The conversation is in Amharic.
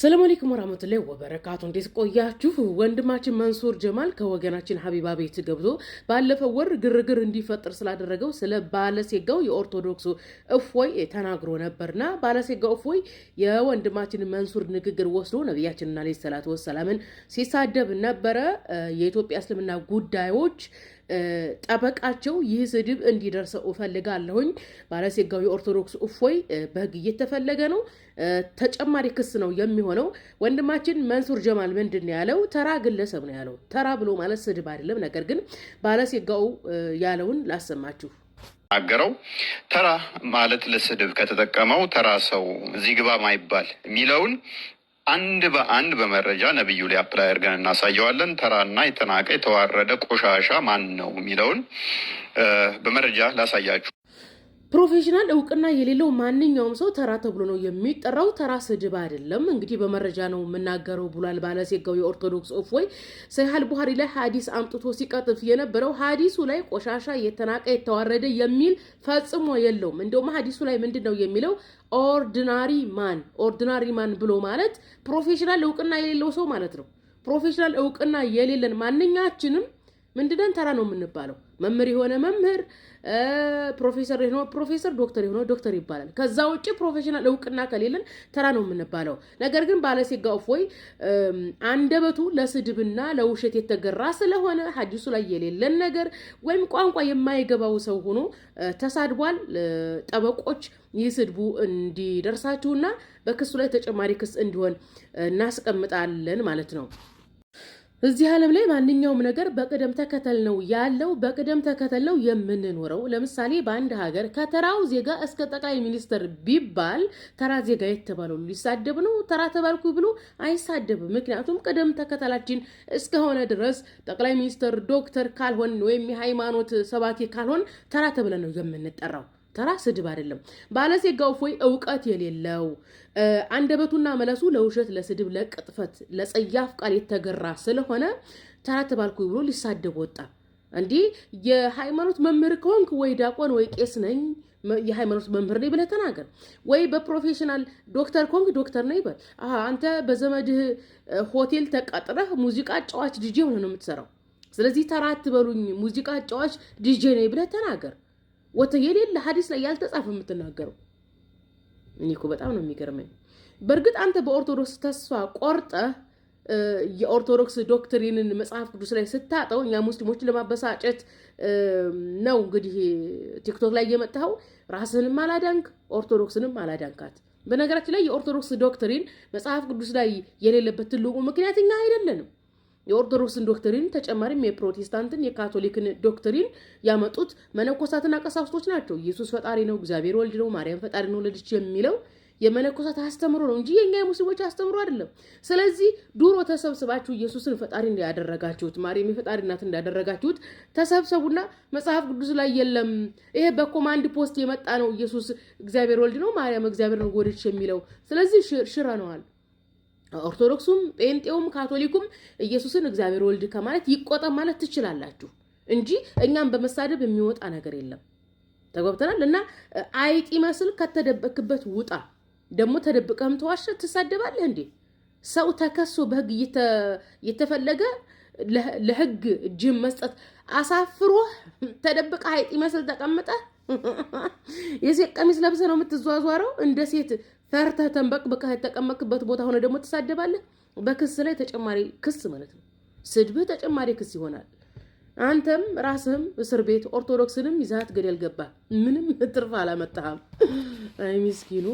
ሰላም አለይኩም ወራህመቱላሂ ወበረካቱ። እንዴት ቆያችሁ? ወንድማችን መንሱር ጀማል ከወገናችን ሀቢባ ቤት ገብቶ ባለፈው ወር ግርግር እንዲፈጥር ስላደረገው ስለ ባለሴጋው የኦርቶዶክሱ እፎይ ተናግሮ ነበርና ባለሴጋው እፎይ የወንድማችን መንሱር ንግግር ወስዶ ነቢያችንና ዓለይሂ ወሰላምን ሲሳደብ ነበረ። የኢትዮጵያ እስልምና ጉዳዮች ጠበቃቸው ይህ ስድብ እንዲደርሰው እፈልጋለሁኝ። ባለሴጋዊ ኦርቶዶክስ እፎይ በህግ እየተፈለገ ነው። ተጨማሪ ክስ ነው የሚሆነው። ወንድማችን መንሱር ጀማል ምንድን ነው ያለው? ተራ ግለሰብ ነው ያለው። ተራ ብሎ ማለት ስድብ አይደለም። ነገር ግን ባለሴጋው ያለውን ላሰማችሁ። ናገረው ተራ ማለት ለስድብ ከተጠቀመው ተራ ሰው እዚህ ግባ ማይባል የሚለውን አንድ በአንድ በመረጃ ነቢዩ ላይ አፕላይ አድርገን እናሳየዋለን። ተራና የተናቀ የተዋረደ ቆሻሻ ማን ነው የሚለውን በመረጃ ላሳያችሁ። ፕሮፌሽናል እውቅና የሌለው ማንኛውም ሰው ተራ ተብሎ ነው የሚጠራው። ተራ ስድብ አይደለም። እንግዲህ በመረጃ ነው የምናገረው ብሏል ባለሴጋው የኦርቶዶክስ ወይ ሰሂህ ቡኻሪ ላይ ሀዲስ አምጥቶ ሲቀጥፍ የነበረው ሀዲሱ ላይ ቆሻሻ የተናቀ የተዋረደ የሚል ፈጽሞ የለውም። እንደውም ሀዲሱ ላይ ምንድን ነው የሚለው? ኦርዲናሪ ማን ኦርዲናሪ ማን ብሎ ማለት ፕሮፌሽናል እውቅና የሌለው ሰው ማለት ነው። ፕሮፌሽናል እውቅና የሌለን ማንኛችንም ምንድነን ተራ ነው የምንባለው። መምህር የሆነ መምህር፣ ፕሮፌሰር የሆነ ፕሮፌሰር፣ ዶክተር የሆነ ዶክተር ይባላል። ከዛ ውጭ ፕሮፌሽናል እውቅና ከሌለን ተራ ነው የምንባለው። ነገር ግን ባለሴጋ እፎይ አንደበቱ ለስድብና ለውሸት የተገራ ስለሆነ ሀዲሱ ላይ የሌለን ነገር ወይም ቋንቋ የማይገባው ሰው ሆኖ ተሳድቧል። ጠበቆች ይህ ስድቡ እንዲደርሳችሁና በክሱ ላይ ተጨማሪ ክስ እንዲሆን እናስቀምጣለን ማለት ነው። እዚህ ዓለም ላይ ማንኛውም ነገር በቅደም ተከተል ነው ያለው። በቅደም ተከተል ነው የምንኖረው። ለምሳሌ በአንድ ሀገር ከተራው ዜጋ እስከ ጠቅላይ ሚኒስትር ቢባል ተራ ዜጋ የተባለው ሊሳደብ ነው? ተራ ተባልኩ ብሎ አይሳደብም። ምክንያቱም ቅደም ተከተላችን እስከሆነ ድረስ ጠቅላይ ሚኒስትር፣ ዶክተር ካልሆን ወይም የሃይማኖት ሰባኪ ካልሆን ተራ ተብለን ነው የምንጠራው። ተራ ስድብ አይደለም። ባለሴጋ እፎይ እውቀት የሌለው አንደበቱና መለሱ ለውሸት፣ ለስድብ፣ ለቅጥፈት፣ ለጸያፍ ቃል የተገራ ስለሆነ ተራ ተባልኩ ብሎ ሊሳደብ ወጣ። እንዲህ የሃይማኖት መምህር ከሆንክ ወይ ዲያቆን ወይ ቄስ ነኝ የሃይማኖት መምህር ነኝ ብለህ ተናገር። ወይ በፕሮፌሽናል ዶክተር ከሆንክ ዶክተር ነኝ በል። አንተ በዘመድህ ሆቴል ተቀጥረህ ሙዚቃ ጫዋች ዲጄ ሆነ ነው የምትሰራው። ስለዚህ ተራ አትበሉኝ ሙዚቃ ጫዋች ዲጄ ነኝ ብለህ ተናገር። ወተ የሌለ ሀዲስ ላይ ያልተጻፈ የምትናገረው እኔ እኮ በጣም ነው የሚገርመኝ። በእርግጥ አንተ በኦርቶዶክስ ተስፋ ቆርጠ የኦርቶዶክስ ዶክትሪንን መጽሐፍ ቅዱስ ላይ ስታጠው እኛ ሙስሊሞች ለማበሳጨት ነው እንግዲህ ቲክቶክ ላይ እየመጣኸው ራስህንም አላዳንክ ኦርቶዶክስንም አላዳንካት። በነገራችን ላይ የኦርቶዶክስ ዶክትሪን መጽሐፍ ቅዱስ ላይ የሌለበት ትልቁ ምክንያት እኛ አይደለንም። የኦርቶዶክስን ዶክትሪን ተጨማሪም የፕሮቴስታንትን የካቶሊክን ዶክትሪን ያመጡት መነኮሳትና ቀሳውስቶች ናቸው። ኢየሱስ ፈጣሪ ነው፣ እግዚአብሔር ወልድ ነው፣ ማርያም ፈጣሪ ነው ወለደች የሚለው የመነኮሳት አስተምሮ ነው እንጂ የእኛ የሙስሊሞች አስተምሮ አይደለም። ስለዚህ ድሮ ተሰብስባችሁ ኢየሱስን ፈጣሪ እንዳያደረጋችሁት ማርያም የፈጣሪ እናት እንዳደረጋችሁት ተሰብሰቡና መጽሐፍ ቅዱስ ላይ የለም ይሄ በኮማንድ ፖስት የመጣ ነው። ኢየሱስ እግዚአብሔር ወልድ ነው፣ ማርያም እግዚአብሔር ነው ወለደች የሚለው ስለዚህ ሽረነዋል። ኦርቶዶክሱም ጴንጤውም ካቶሊኩም ኢየሱስን እግዚአብሔር ወልድ ከማለት ይቆጠብ ማለት ትችላላችሁ እንጂ እኛም በመሳደብ የሚወጣ ነገር የለም። ተጓብተናል እና አይጢ መስል ከተደበክበት ውጣ። ደግሞ ተደብቀህም ተዋሸ ትሳደባለህ እንዴ? ሰው ተከሶ በህግ እየተፈለገ ለህግ እጅህን መስጠት አሳፍሮህ ተደብቀ አይጢ መስል ተቀምጠ የሴት ቀሚስ ለብሰ ነው የምትዟዟረው እንደ ሴት ፈርተህ ተንበቅብቀህ የተቀመቅበት ቦታ ሆነ ደግሞ ትሳደባለህ። በክስ ላይ ተጨማሪ ክስ ማለት ነው። ስድብህ ተጨማሪ ክስ ይሆናል። አንተም ራስህም እስር ቤት ኦርቶዶክስንም ይዛት ገደል ገባ። ምንም ትርፍ አላመጣህም። አይ ምስኪኑ